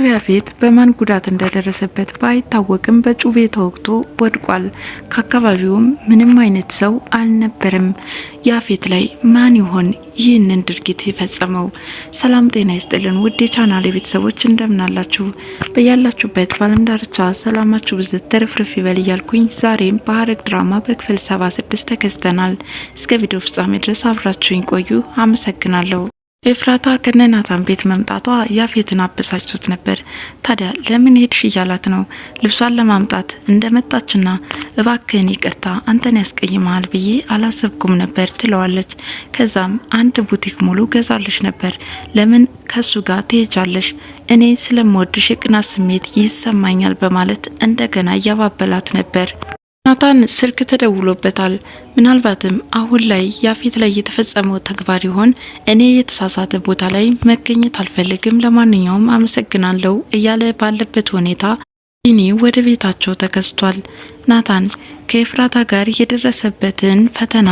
አቶ ያፌት በማን ጉዳት እንደደረሰበት ባይታወቅም በጩቤ ተወግቶ ወድቋል። ከአካባቢውም ምንም አይነት ሰው አልነበረም። ያፌት ላይ ማን ይሆን ይህንን ድርጊት የፈጸመው? ሰላም ጤና ይስጥልን ውድ የቻናሌ ቤተሰቦች እንደምናላችሁ በያላችሁበት በዓለም ዳርቻ ሰላማችሁ ብዝት ተርፍርፍ ይበል እያልኩኝ ዛሬም በሐረግ ድራማ በክፍል 76 ተከስተናል። እስከ ቪዲዮ ፍጻሜ ድረስ አብራችሁኝ ቆዩ። አመሰግናለሁ። ኤፍራታ ከነናታን ቤት መምጣቷ ያፌትን አበሳጭቶት ነበር። ታዲያ ለምን ሄድሽ እያላት ነው። ልብሷን ለማምጣት እንደመጣችና እባክህን ይቅርታ አንተን ያስቀይመሃል ብዬ አላሰብኩም ነበር ትለዋለች። ከዛም አንድ ቡቲክ ሙሉ ገዛለች ነበር ለምን ከሱ ጋር ትሄጃለሽ? እኔ ስለምወድሽ የቅናት ስሜት ይሰማኛል በማለት እንደገና እያባበላት ነበር። ናታን ስልክ ተደውሎበታል። ምናልባትም አሁን ላይ ያፌት ላይ የተፈጸመው ተግባር ይሆን? እኔ የተሳሳተ ቦታ ላይ መገኘት አልፈልግም፣ ለማንኛውም አመሰግናለሁ እያለ ባለበት ሁኔታ ቢኒ ወደ ቤታቸው ተከስቷል። ናታን ከኤፍራታ ጋር የደረሰበትን ፈተና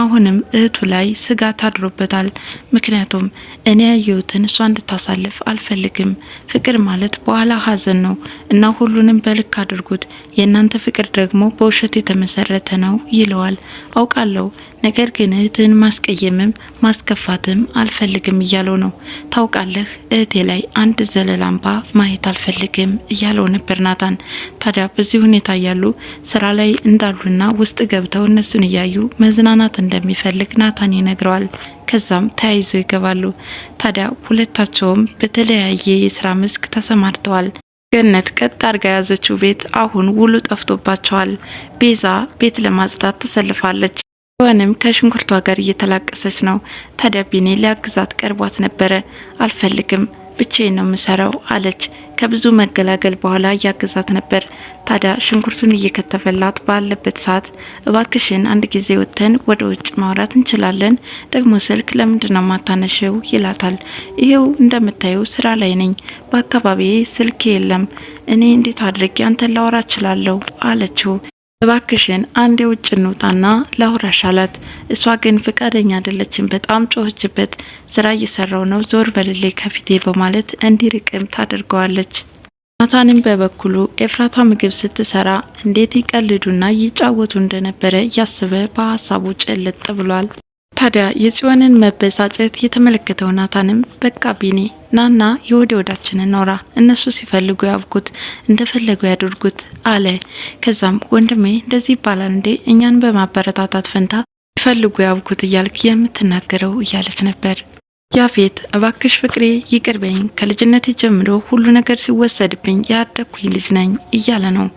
አሁንም እህቱ ላይ ስጋት አድሮበታል። ምክንያቱም እኔ ያየሁትን እሷ እንድታሳልፍ አልፈልግም። ፍቅር ማለት በኋላ ሀዘን ነው እና ሁሉንም በልክ አድርጉት፣ የእናንተ ፍቅር ደግሞ በውሸት የተመሰረተ ነው ይለዋል። አውቃለሁ፣ ነገር ግን እህትህን ማስቀየምም ማስከፋትም አልፈልግም እያለው ነው። ታውቃለህ፣ እህቴ ላይ አንድ ዘለላ ማየት አልፈልግም እያለው ነበር ናታን። ታዲያ በዚህ ሁኔታ እያሉ ስራ ላይ እንዳሉና ውስጥ ገብተው እነሱን እያዩ መዝናናት እንደሚፈልግ ናታን ይነግረዋል። ከዛም ተያይዘው ይገባሉ። ታዲያ ሁለታቸውም በተለያየ የስራ መስክ ተሰማርተዋል። ገነት ቀጥ አድርጋ የያዘችው ቤት አሁን ውሉ ጠፍቶባቸዋል። ቤዛ ቤት ለማጽዳት ተሰልፋለች። ቢሆንም ከሽንኩርቷ ጋር እየተላቀሰች ነው። ታዲያ ቢኔ ሊያግዛት ቀርቧት ነበረ። አልፈልግም ብቻዬን ነው የምሰራው አለች። ከብዙ መገላገል በኋላ እያገዛት ነበር። ታዲያ ሽንኩርቱን እየከተፈላት ባለበት ሰዓት እባክሽን አንድ ጊዜ ወጥተን ወደ ውጭ ማውራት እንችላለን፣ ደግሞ ስልክ ለምንድነው ማታነሽው? ይላታል። ይሄው እንደምታየው ስራ ላይ ነኝ፣ በአካባቢዬ ስልክ የለም፣ እኔ እንዴት አድርጌ አንተን ላወራ እችላለሁ? አለችው። እባክሽን አንድ የውጭ እንውጣና ላውራሽ አላት። እሷ ግን ፍቃደኛ አይደለችም። በጣም ጮኸችበት። ስራ እየሰራው ነው፣ ዞር በልሌ ከፊቴ በማለት እንዲርቅም ታደርገዋለች። ናታንም በበኩሉ ኤፍራታ ምግብ ስትሰራ እንዴት ይቀልዱና ይጫወቱ እንደነበረ እያስበ በሀሳቡ ጭልጥ ብሏል። ታዲያ የጽዮንን መበሳጨት የተመለከተው ናታንም በቃ ቢኒ ናና የወደ ወዳችን ኖራ እነሱ ሲፈልጉ ያብኩት እንደፈለጉ ያድርጉት አለ። ከዛም ወንድሜ እንደዚህ ይባላል እንዴ እኛን በማበረታታት ፈንታ ይፈልጉ ያብኩት እያልክ የምትናገረው እያለች ነበር። ያፌት እባክሽ ፍቅሬ ይቅርበኝ፣ ከልጅነቴ ከልጅነት ጀምሮ ሁሉ ነገር ሲወሰድብኝ ያደግኩኝ ልጅ ነኝ እያለ ነው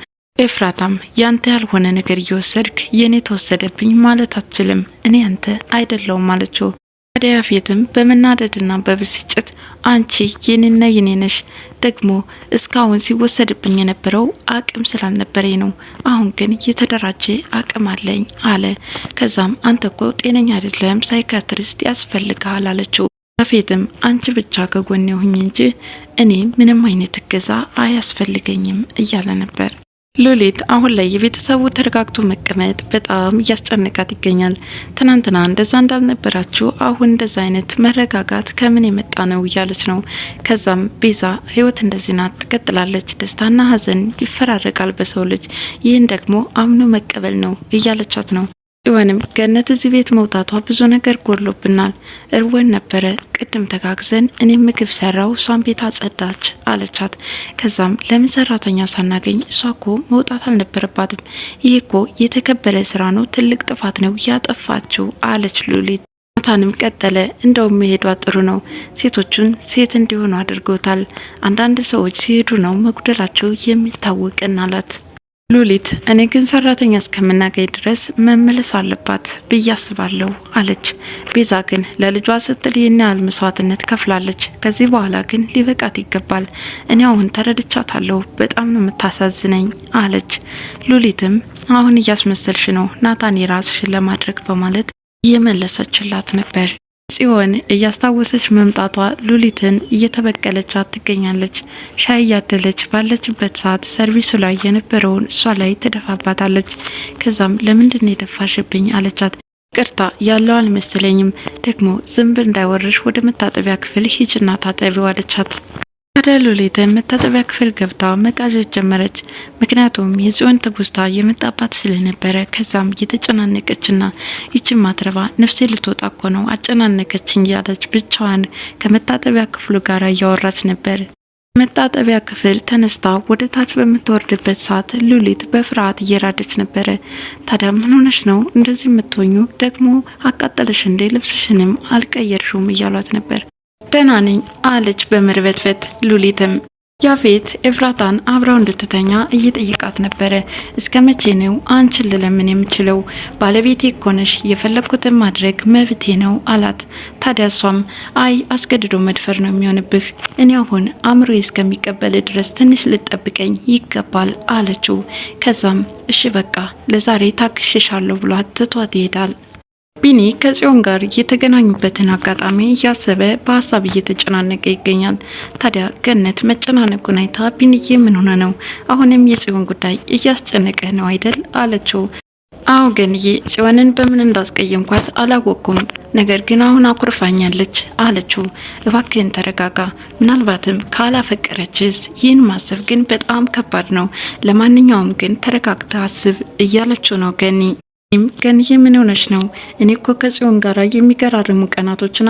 ኤፍራታም ያንተ ያልሆነ ነገር እየወሰድክ የእኔ ተወሰደብኝ ማለት አትችልም፣ እኔ ያንተ አይደለውም አለችው። ታዲያ ያፌትም በመናደድና በብስጭት አንቺ የኔና የኔ ነሽ፣ ደግሞ እስካሁን ሲወሰድብኝ የነበረው አቅም ስላልነበረኝ ነው፣ አሁን ግን የተደራጀ አቅም አለኝ አለ። ከዛም አንተ እኮ ጤነኛ አይደለም፣ ሳይካትሪስት ያስፈልግሃል አለችው። ያፌትም አንቺ ብቻ ከጎኔ ሁኝ እንጂ እኔ ምንም አይነት እገዛ አያስፈልገኝም እያለ ነበር። ሉሊት አሁን ላይ የቤተሰቡ ተረጋግቶ መቀመጥ በጣም እያስጨነቃት ይገኛል። ትናንትና እንደዛ እንዳልነበራችሁ አሁን እንደዛ አይነት መረጋጋት ከምን የመጣ ነው እያለች ነው። ከዛም ቤዛ ህይወት እንደዚህ ናት ትቀጥላለች፣ ደስታና ሀዘን ይፈራረቃል በሰው ልጅ፣ ይህን ደግሞ አምኖ መቀበል ነው እያለቻት ነው። ጽዮንም ገነት እዚህ ቤት መውጣቷ ብዙ ነገር ጎድሎብናል፣ እርወን ነበረ። ቅድም ተጋግዘን እኔም ምግብ ሰራው፣ እሷን ቤት አጸዳች አለቻት። ከዛም ለምን ሰራተኛ ሳናገኝ እሷ ኮ መውጣት አልነበረባትም፣ ይህ ኮ የተከበረ ስራ ነው፣ ትልቅ ጥፋት ነው ያጠፋችው አለች ሉሊት። ናታንም ቀጠለ፣ እንደውም መሄዷ ጥሩ ነው፣ ሴቶቹን ሴት እንዲሆኑ አድርገውታል። አንዳንድ ሰዎች ሲሄዱ ነው መጉደላቸው የሚታወቅን አላት። ሉሊት እኔ ግን ሰራተኛ እስከምናገኝ ድረስ መመለስ አለባት ብዬ አስባለሁ አለች። ቤዛ ግን ለልጇ ስትል ይህን ያህል መስዋዕትነት ከፍላለች። ከዚህ በኋላ ግን ሊበቃት ይገባል። እኔ አሁን ተረድቻታለሁ። በጣም ነው የምታሳዝነኝ አለች። ሉሊትም አሁን እያስመሰልሽ ነው ናታን የራስሽን ለማድረግ በማለት እየመለሰችላት ነበር። ጽዮን እያስታወሰች መምጣቷ ሉሊትን እየተበቀለቻት ትገኛለች። ሻይ እያደለች ባለችበት ሰዓት ሰርቪሱ ላይ የነበረውን እሷ ላይ ትደፋባታለች። ከዛም ለምንድን የደፋሽብኝ አለቻት። ቅርታ ያለው አልመሰለኝም ደግሞ ዝንብ እንዳይወርሽ ወደ መታጠቢያ ክፍል ሂጅና ታጠቢው አለቻት። ታዲያ ሉሊት መታጠቢያ ክፍል ገብታ መቃዠት ጀመረች። ምክንያቱም የጽዮን ትውስታ የመጣባት ስለነበረ ከዛም እየተጨናነቀችና ይችን ማትረባ ነፍሴ ልትወጣ እኮ ነው አጨናነቀችኝ እያለች ብቻዋን ከመታጠቢያ ክፍሉ ጋር እያወራች ነበር። መታጠቢያ ክፍል ተነስታ ወደ ታች በምትወርድበት ሰዓት ሉሊት በፍርሃት እየራደች ነበረ። ታዲያ ምን ሆነሽ ነው እንደዚህ የምትሆኙ? ደግሞ አቃጠለሽ እንዴ? ልብስሽንም አልቀየርሽውም እያሏት ነበር ደህና ነኝ አለች በመርበትበት። ሉሊትም ያፌት ኤፍራታን አብራው እንድትተኛ እየጠየቃት ነበረ። እስከ መቼ ነው አንቺን ልለምን የምችለው? ባለቤቴ እኮ ነሽ፣ የፈለግኩትን ማድረግ መብቴ ነው አላት። ታዲያ እሷም አይ አስገድዶ መድፈር ነው የሚሆንብህ፣ እኔ አሁን አእምሮ እስከሚቀበል ድረስ ትንሽ ልጠብቀኝ ይገባል አለችው። ከዛም እሺ በቃ ለዛሬ ታክሽሻለሁ ብሏት ትቷት ይሄዳል። ቢኒ ከጽዮን ጋር የተገናኙበትን አጋጣሚ እያሰበ በሀሳብ እየተጨናነቀ ይገኛል። ታዲያ ገነት መጨናነቁን አይታ ቢኒዬ ምን ሆነ ነው? አሁንም የጽዮን ጉዳይ እያስጨነቀህ ነው አይደል? አለችው። አዎ ገንዬ፣ ጽዮንን በምን እንዳስቀየምኳት አላወቅኩም፣ ነገር ግን አሁን አኩርፋኛለች አለችው። እባክህን ተረጋጋ፣ ምናልባትም ካላፈቀረችስ? ይህን ማሰብ ግን በጣም ከባድ ነው። ለማንኛውም ግን ተረጋግተህ አስብ እያለችው ነው ገኒ ገን ምን ሆነች ነው? እኔ እኮ ከጽዮን ጋር የሚገራርሙ ቀናቶችን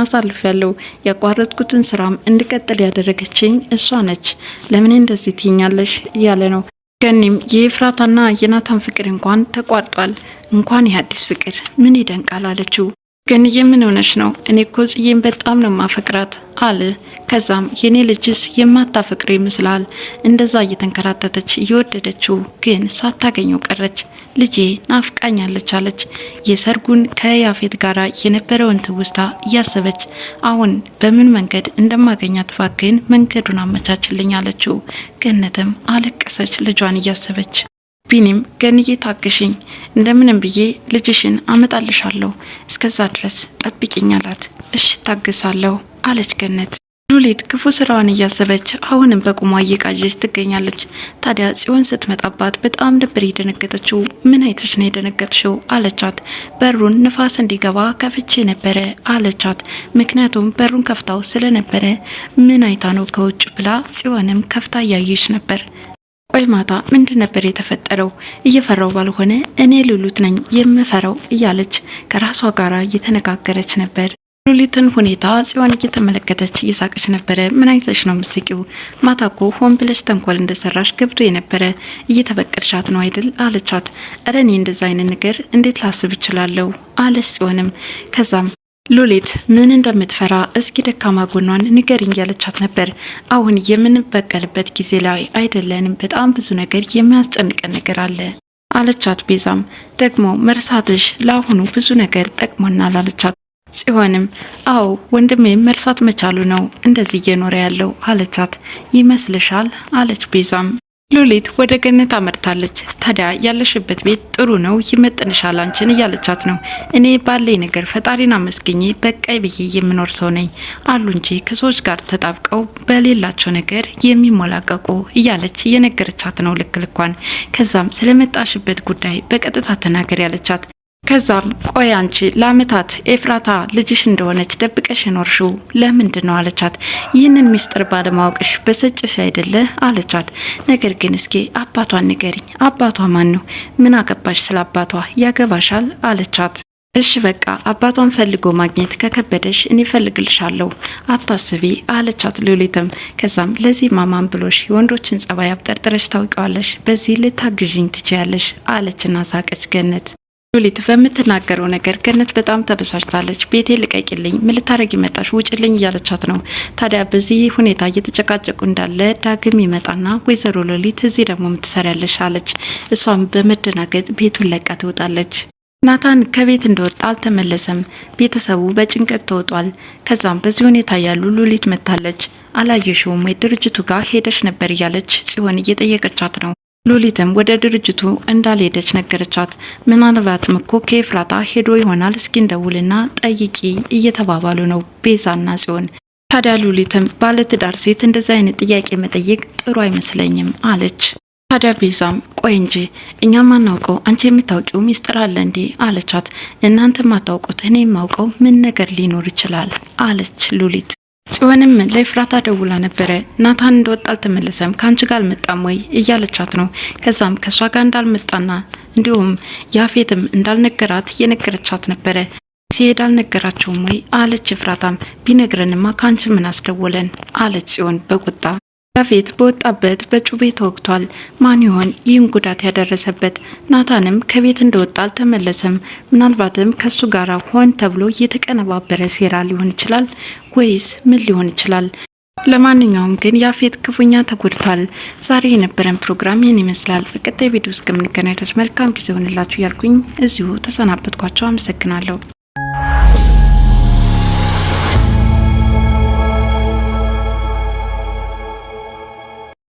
ያለው ያቋረጥኩትን ስራም እንድቀጥል ያደረገችኝ እሷ ነች። ለምን እንደዚህ ትይኛለሽ? እያለ ነው። ገኒም የኤፍራታና የናታን ፍቅር እንኳን ተቋርጧል፣ እንኳን የአዲስ ፍቅር ምን ይደንቃል አለችው። ግን የምን ሆነሽ ነው? እኔ እኮ ጽዬን በጣም ነው ማፈቅራት አለ። ከዛም የኔ ልጅስ የማታፈቅር ይመስላል? እንደዛ እየተንከራተተች እየወደደችው ግን ሳታገኘው ቀረች። ልጄ ናፍቃኛለች አለች። የሰርጉን ከያፌት ጋር የነበረውን ትውስታ እያሰበች አሁን በምን መንገድ እንደማገኛት እባክህን መንገዱን አመቻችልኝ አለችው። ገነትም አለቀሰች ልጇን እያሰበች ቢኒም ገንዬ ታግሽኝ፣ እንደምንም ብዬ ልጅሽን አመጣልሻለሁ፣ እስከዛ ድረስ ጠብቂኝ አላት። እሽ ታግሳለሁ አለች ገነት። ሉሊት ክፉ ስራዋን እያሰበች አሁንም በቁሟ እየቃዠች ትገኛለች። ታዲያ ጽዮን ስትመጣባት በጣም ነበር የደነገጠችው። ምን አይተሽ ነው የደነገጥሽው አለቻት። በሩን ንፋስ እንዲገባ ከፍቼ ነበረ አለቻት። ምክንያቱም በሩን ከፍታው ስለነበረ ምን አይታ ነው ከውጭ ብላ ጽዮንም ከፍታ እያየች ነበር ቆይ ማታ ምንድን ነበር የተፈጠረው? እየፈራው ባልሆነ እኔ ሉሊት ነኝ የምፈራው እያለች ከራሷ ጋር እየተነጋገረች ነበር። ሉሊትን ሁኔታ ጽዮን እየተመለከተች እየሳቀች ነበረ። ምን አይተሽ ነው ምስቂው? ማታ እኮ ሆን ብለሽ ተንኮል እንደሰራሽ ገብቶ የነበረ እየተበቀልሻት ነው አይደል አለቻት። እረ እኔ እንደዛ አይነት ነገር እንዴት ላስብ እችላለሁ አለች ጽዮንም ከዛም ሉሊት ምን እንደምትፈራ እስኪ ደካማ ጎኗን ንገሪኝ እያለቻት ነበር። አሁን የምንበቀልበት ጊዜ ላይ አይደለንም፣ በጣም ብዙ ነገር የሚያስጨንቀን ነገር አለ አለቻት። ቤዛም ደግሞ መርሳትሽ ለአሁኑ ብዙ ነገር ጠቅሞናል አለቻት። ጽዮንም አዎ ወንድሜ መርሳት መቻሉ ነው እንደዚህ እየኖረ ያለው አለቻት። ይመስልሻል አለች ቤዛም ሉሊት ወደ ገነት አመርታለች። ታዲያ ያለሽበት ቤት ጥሩ ነው ይመጥንሻል አንቺን እያለቻት ነው። እኔ ባለኝ ነገር ፈጣሪን አመስግኜ በቃይ ብዬ የምኖር ሰው ነኝ አሉ እንጂ ከሰዎች ጋር ተጣብቀው በሌላቸው ነገር የሚሞላቀቁ እያለች እየነገረቻት ነው ልክ ልኳን። ከዛም ስለመጣሽበት ጉዳይ በቀጥታ ተናገር ያለቻት፣ ከዛም ቆይ አንቺ ለአመታት ኤፍራታ ልጅሽ እንደሆነች ደብቀሽ የኖርሽው ለምንድን ነው አለቻት። ይህንን ሚስጥር ባለማወቅሽ በሰጭሽ አይደለ አለቻት። ነገር ግን እስኪ አባቷን ንገሪኝ፣ አባቷ ማን ነው? ምን አገባሽ ስለ አባቷ ያገባሻል? አለቻት። እሺ በቃ አባቷን ፈልጎ ማግኘት ከከበደሽ እኔ ፈልግልሻለሁ አታስቢ አለቻት ሉሊትም ከዛም ለዚህ ማማን ብሎሽ የወንዶችን ጸባይ አብጠርጥረሽ ታውቂዋለሽ በዚህ ልታግዥኝ ትችያለሽ አለችና ሳቀች ገነት ሉሊት በምትናገረው ነገር ገነት በጣም ተበሳጭታለች። ቤቴ ልቀቂልኝ፣ ምን ልታረጊ መጣሽ? ውጭልኝ እያለቻት ነው። ታዲያ በዚህ ሁኔታ እየተጨቃጨቁ እንዳለ ዳግም ይመጣና ወይዘሮ ሉሊት እዚህ ደግሞ የምትሰሪያለሽ አለች። እሷም በመደናገጥ ቤቱን ለቃ ትወጣለች። ናታን ከቤት እንደወጣ አልተመለሰም። ቤተሰቡ በጭንቀት ተውጧል። ከዛም በዚህ ሁኔታ ያሉ ሉሊት መታለች። አላየሽውም ወይ? ድርጅቱ ጋር ሄደች ነበር እያለች ሲሆን እየጠየቀቻት ነው ሉሊትም ወደ ድርጅቱ እንዳልሄደች ነገረቻት። ምናልባትም እኮ ከኤፍራታ ሄዶ ይሆናል እስኪ እንደውልና ጠይቂ እየተባባሉ ነው ቤዛና ጽዮን። ታዲያ ሉሊትም ባለትዳር ሴት እንደዚህ አይነት ጥያቄ መጠየቅ ጥሩ አይመስለኝም አለች። ታዲያ ቤዛም ቆይ እንጂ እኛ ማናውቀው አንቺ የምታውቂው ሚስጥር አለ እንዴ አለቻት። እናንተ ማታውቁት እኔ የማውቀው ምን ነገር ሊኖር ይችላል አለች ሉሊት ጽዮንም ለኤፍራታ ደውላ ነበረ። ናታን እንደወጣ አልተመለሰም፣ ከአንቺ ጋር አልመጣም ወይ እያለቻት ነው። ከዛም ከእሷ ጋር እንዳልመጣና እንዲሁም ያፌትም እንዳልነገራት እየነገረቻት ነበረ። ሲሄድ አልነገራቸውም ወይ አለች። ፍራታም። ቢነግረንማ ከአንቺ ምን አስደወለን አለች ጽዮን በቁጣ ያፌት በወጣበት በጩቤ ተወግቷል። ማን ይሆን ይህን ጉዳት ያደረሰበት? ናታንም ከቤት እንደወጣ አልተመለሰም። ምናልባትም ከሱ ጋር ሆን ተብሎ የተቀነባበረ ሴራ ሊሆን ይችላል፣ ወይስ ምን ሊሆን ይችላል? ለማንኛውም ግን ያፌት ክፉኛ ተጎድቷል። ዛሬ የነበረን ፕሮግራም ይህን ይመስላል። በቀጣይ ቪዲዮ እስከምንገናኝ ድረስ መልካም ጊዜ ሆንላችሁ እያልኩኝ እዚሁ ተሰናበትኳቸው። አመሰግናለሁ።